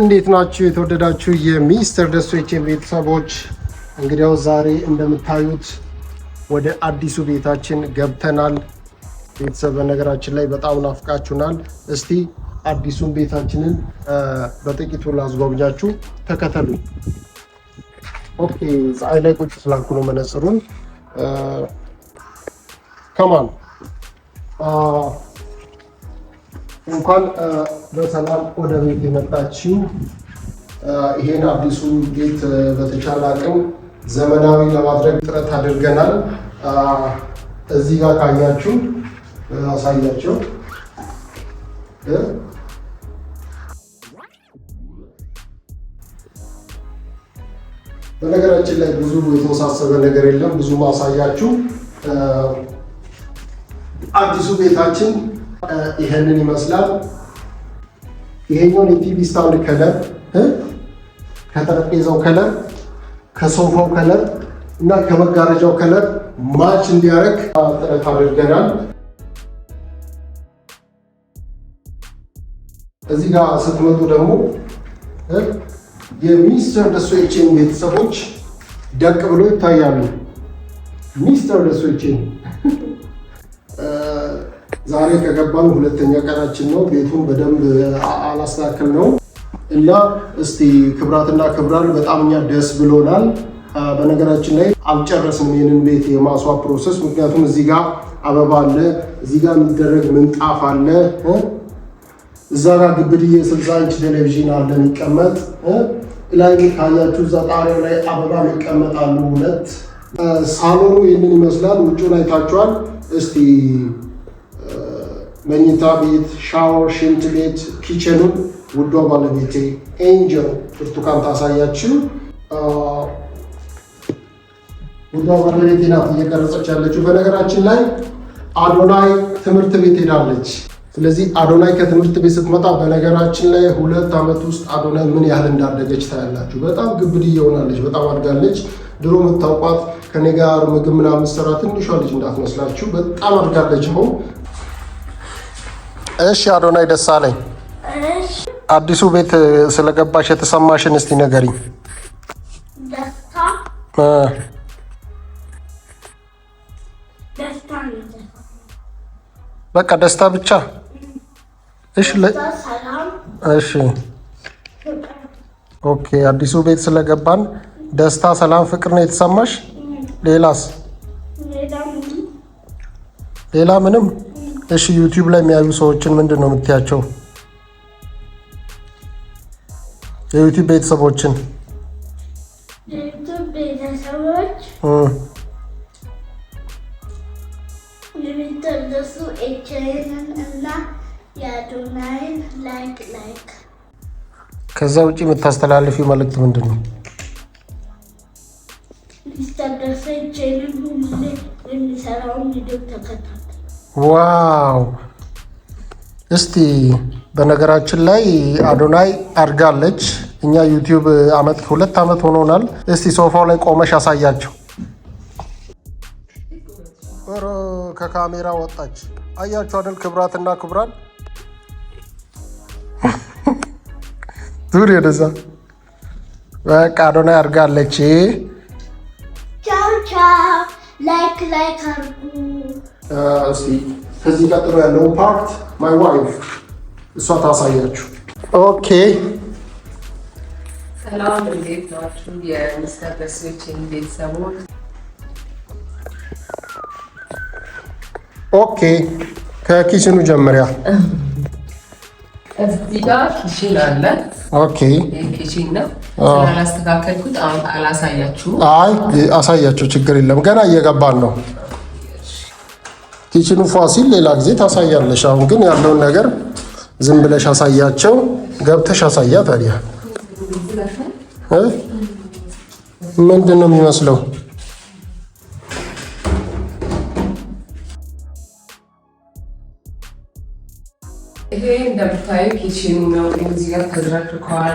እንዴት ናችሁ? የተወደዳችሁ የሚስተር ደሱ ቼን ቤተሰቦች፣ እንግዲያው ዛሬ እንደምታዩት ወደ አዲሱ ቤታችን ገብተናል። ቤተሰብ በነገራችን ላይ በጣም ናፍቃችሁናል። እስቲ አዲሱን ቤታችንን በጥቂቱ ላስጎብኛችሁ፣ ተከተሉ። ኦኬ፣ ፀሐይ ላይ ቁጭ ስላልኩ ነው መነጽሩን ከማን እንኳን በሰላም ወደ ቤት የመጣችው። ይሄን አዲሱ ቤት በተቻለ አቅም ዘመናዊ ለማድረግ ጥረት አድርገናል። እዚህ ጋር ካያችሁ አሳያቸው በነገራችን ላይ ብዙ የተወሳሰበ ነገር የለም። ብዙ ማሳያችሁ አዲሱ ቤታችን ይህንን ይመስላል። ይሄኛውን የቲቪ ስታንድ ከለር ከጠረጴዛው ከለር ከሶፋው ከለር እና ከመጋረጃው ከለር ማች እንዲያደርግ ጥረት አድርገናል። እዚህ ጋር ስትመጡ ደግሞ የሚስተር ደሶ ቤተሰቦች ደቅ ብሎ ይታያሉ። ሚስተር ደሶ ዛሬ ከገባን ሁለተኛ ቀናችን ነው። ቤቱን በደንብ አላስተካከል ነው እና እስቲ ክብራትና ክብራን በጣም እኛ ደስ ብሎናል። በነገራችን ላይ አልጨረስንም ይህንን ቤት የማስዋብ ፕሮሰስ፣ ምክንያቱም እዚህ ጋር አበባ አለ፣ እዚህ ጋር የሚደረግ ምንጣፍ አለ፣ እዛ ጋር ግብድዬ ስልሳ ኢንች ቴሌቪዥን አለ የሚቀመጥ ላይ ካያችሁ እዛ ጣሪያው ላይ አበባ ይቀመጣሉ። ሁለት ሳሎኑ ይህንን ይመስላል። ውጭውን አይታችኋል። እስቲ መኝታ ቤት፣ ሻወር፣ ሽንት ቤት፣ ኪቸኑን ውዷ ባለቤቴ ኤንጀል ብርቱካን ታሳያችሁ። ውዷ ባለቤቴ ናት እየቀረጸች ያለችው። በነገራችን ላይ አዶናይ ትምህርት ቤት ሄዳለች። ስለዚህ አዶናይ ከትምህርት ቤት ስትመጣ በነገራችን ላይ ሁለት ዓመት ውስጥ አዶናይ ምን ያህል እንዳደገች ታያላችሁ። በጣም ግብድ እየሆናለች፣ በጣም አድጋለች። ድሮ የምታውቋት ከኔ ጋር ምግብ ምናምን ትንሿ ልጅ እንዳትመስላችሁ፣ በጣም አድጋለች። አሁን እሺ አዶናይ ደሳለኝ አዲሱ ቤት ስለገባሽ የተሰማሽን እስቲ ንገሪኝ። በቃ ደስታ ብቻ። እሺ እሺ ኦኬ። አዲሱ ቤት ስለገባን ደስታ፣ ሰላም፣ ፍቅር ነው የተሰማሽ? ሌላስ? ሌላ ምንም እሺ ዩቲዩብ ላይ የሚያዩ ሰዎችን ምንድን ነው የምትያቸው? የዩቲዩብ ቤተሰቦችን የዩቲዩብ ቤተሰቦች እና የአዶናይን ላይክ ላይክ። ከዛ ውጭ የምታስተላልፊው መልእክት ምንድን ነው? የሚተነሱ ኤችንን ሁሌ የሚሰራውን ቪዲዮ ተከታ ዋው! እስቲ በነገራችን ላይ አዶናይ አድጋለች። እኛ ዩቲዩብ አመት ሁለት አመት ሆኖናል። እስቲ ሶፋው ላይ ቆመሽ አሳያቸው። ኧረ ከካሜራ ወጣች። አያችሁ አይደል? ክብራትና ክብራን ዙር ወደዛ። በቃ አዶናይ አድጋለች። ቻው ቻው። ላይክ ላይክ አርጉ። ከዚህ ቀጥሎ ፓርት ማይ ዋይፍ እሷ ታሳያችሁ። ኦኬ ሰላም፣ እንዴት ናችሁ የሚስተር ቤተሰቦች? ኦኬ ከኪችኑ ጀምሪያ። እዚህ ጋር ኪችን አለ። ኦኬ ኪችን ነው ስላላስተካከልኩት አሁን አላሳያችሁም። አይ አሳያችሁ፣ ችግር የለም ገና እየገባን ነው። ይችኑ ፋሲል ሌላ ጊዜ ታሳያለሽ። አሁን ግን ያለውን ነገር ዝም ብለሽ አሳያቸው። ገብተሽ አሳያ። ታዲያ ምንድን ነው የሚመስለው? ይሄ እንደምታዩ ኪችኑ ነው። እዚህ ጋር ተዝረክርከዋል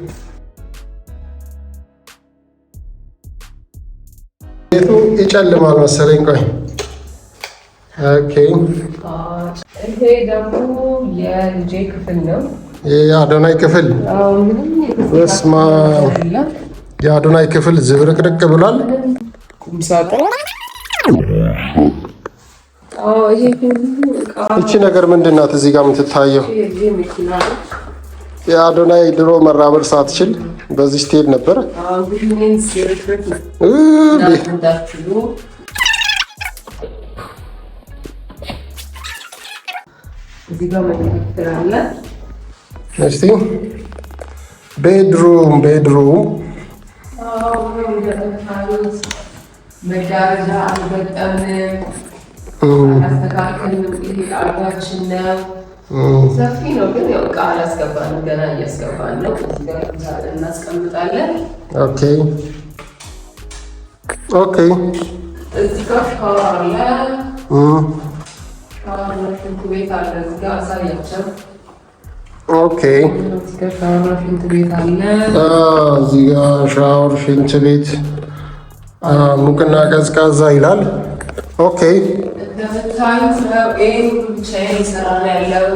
ቤቱ ይጨልማል መሰለኝ። ቆይ ኦኬ። ይሄ ደግሞ የልጄ ክፍል ነው። የአዶናይ ክፍል ስማ፣ የአዶናይ ክፍል ዝብርቅርቅ ብሏል። እቺ ነገር ምንድን ናት? እዚህ ጋር የምትታየው የአዶናይ ድሮ መራመድ ሳትችል በዚህ ስትሄድ ነበር። እስቲ ቤድሩም ቤድሩም መጋረጃ አልበጠም፣ አላስተካከልንም። ይሄ አልጋችን ነው ሰፊ ነው ግን ያው ዕቃ አላስገባንም፣ ገና እያስገባን ነው። እናስቀምጣለን። ኦኬ ኦኬ። እዚህ ጋር ሻወር አለ። ሽንት ቤት አለ። እዚህ ጋር አሳያቸው። እዚህ ሻወር ሽንት ቤት ሙቅና ቀዝቃዛ ይላል። ኦኬ እንደምታዩት ነው። ብቻዬን እየሰራ ያለው።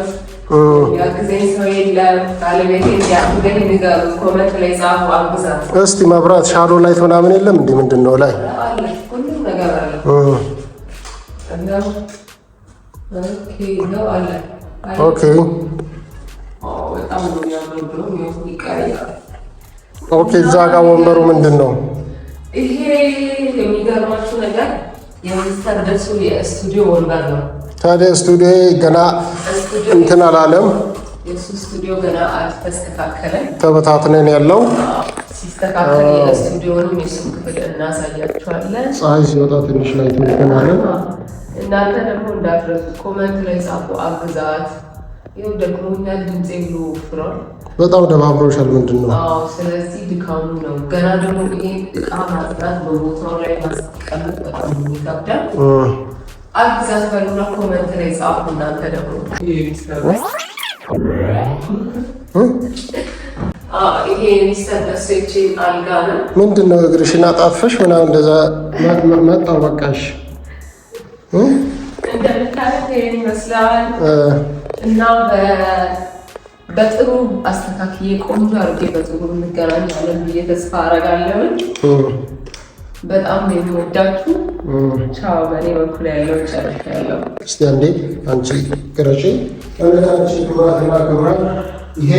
ያግዘኝ ሰው የለም። ባለቤቴ ያግዘኝ ንገሩ፣ ኮመንት ላይ ጻፉ፣ አግዛት። እስቲ መብራት ሻዶ ላይት ምናምን የለም እንዲህ ምንድን ነው ላይ uh, ሁሉም ነገር አለ ነው አለ። ኦኬ ኦኬ። እዛ ጋር ወንበሩ ምንድን ነው ይሄ? የሚገርማችሁ ነገር ታዲያ ስቱዲዮ ገና እንትን አላለም። ተበታትነን ያለው ሲስተካከል የስቱዲዮንም የሱም ክፍል እናሳያችኋለን። ፀሐይ ሲወጣ ትንሽ ላይ ትንገናለን። እናንተ ደግሞ እንዳትረሱት ኮመንት ላይ ጻፉ። አግዛት ይኸው ደግሞ እኛ ድምፄ ብሎ ፍሯል በጣም ደባብሮሻል። ምንድን ነው? ስለዚህ ድካሙ ነው። ገና ደግሞ ይሄ እቃ ማጽዳት፣ በቦታው ላይ ማስቀመጥ በጣም ይከብዳል። አግዛት በሉና ኮመንት ላይ ጻፉ። እናንተ ደግሞ ይሄ ሚስተር ደሴችን አልጋ ነው። ምንድን ነው እግርሽን አጣፈሽ ምናምን እንደዛ መጣው። በቃሽ እንደምታለት ይሄን ይመስላል እና በጥሩ አስተካክዬ ቆንጆ አድርጌ በጥሩ እንገናኛለን ብዬ ተስፋ አደርጋለሁ። በጣም የሚወዳችሁ ቻው። በእኔ በኩል ያለው ጨረሻ ያለው እስቲ አንዴ አንቺ ቅረጪ። እምነታችን ክቡራትና ክቡራን ይሄ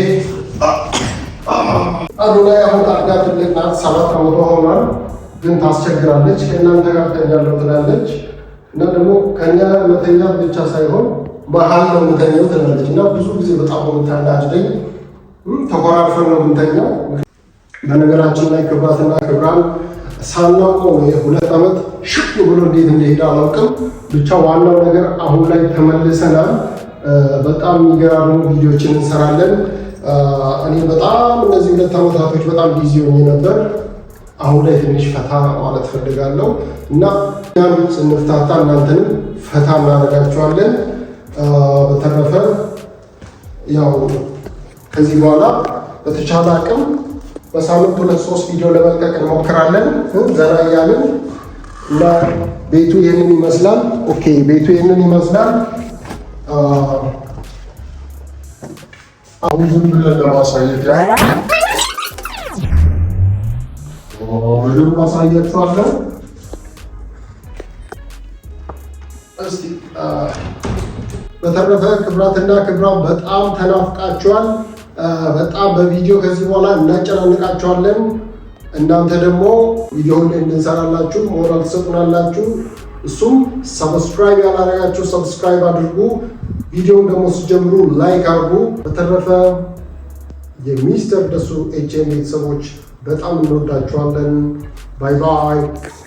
አዶናይ አሁን አርጋ ትልቅና ሰባት ከመቶ ሆኗል፣ ግን ታስቸግራለች። ከእናንተ ጋር ተኛለሁ ትላለች እና ደግሞ ከእኛ መተኛ ብቻ ሳይሆን መሀል ነው የምተኛው ትላለች እና ብዙ ጊዜ በጣም የምታናድደኝ ተኮራርፈን ነው የምንተኛው። በነገራችን ላይ ክብራትና ክብራን ሳናውቀው የሁለት ዓመት ሽቅ ብሎ እንዴት እንደሄደ አላውቅም። ብቻ ዋናው ነገር አሁን ላይ ተመልሰናል። በጣም የሚገራርሙ ቪዲዮችን እንሰራለን። እኔ በጣም እነዚህ ሁለት ዓመታቶች በጣም ቢዚ ሆኜ ነበር። አሁን ላይ ትንሽ ፈታ ማለት ፈልጋለሁ እና ስንፍታታ እናንተንም ፈታ እናደርጋችኋለን። በተረፈ ያው ከዚህ በኋላ በተቻለ አቅም በሳምንት ሁለት ሶስት ቪዲዮ ለመልቀቅ እንሞክራለን ዘና እያልን እና ቤቱ ይህንን ይመስላል። ኦኬ ቤቱ ይህንን ይመስላል። አሁን ዝም ብለን ለማሳየት ምንም ማሳያችኋለን እስቲ በተረፈ ክብራትና ክብራው በጣም ተናፍቃችኋል። በጣም በቪዲዮ ከዚህ በኋላ እናጨናንቃችኋለን። እናንተ ደግሞ ቪዲዮ እንሰራላችሁ፣ ሞራል ትሰጡናላችሁ። እሱም ሰብስክራይብ ያላረጋችሁ ሰብስክራይብ አድርጉ። ቪዲዮውን ደግሞ ሲጀምሩ ላይክ አድርጉ። በተረፈ የሚስተር ደሱ ኤችኤም ቤተሰቦች በጣም እንወዳችኋለን። ባይ ባይ።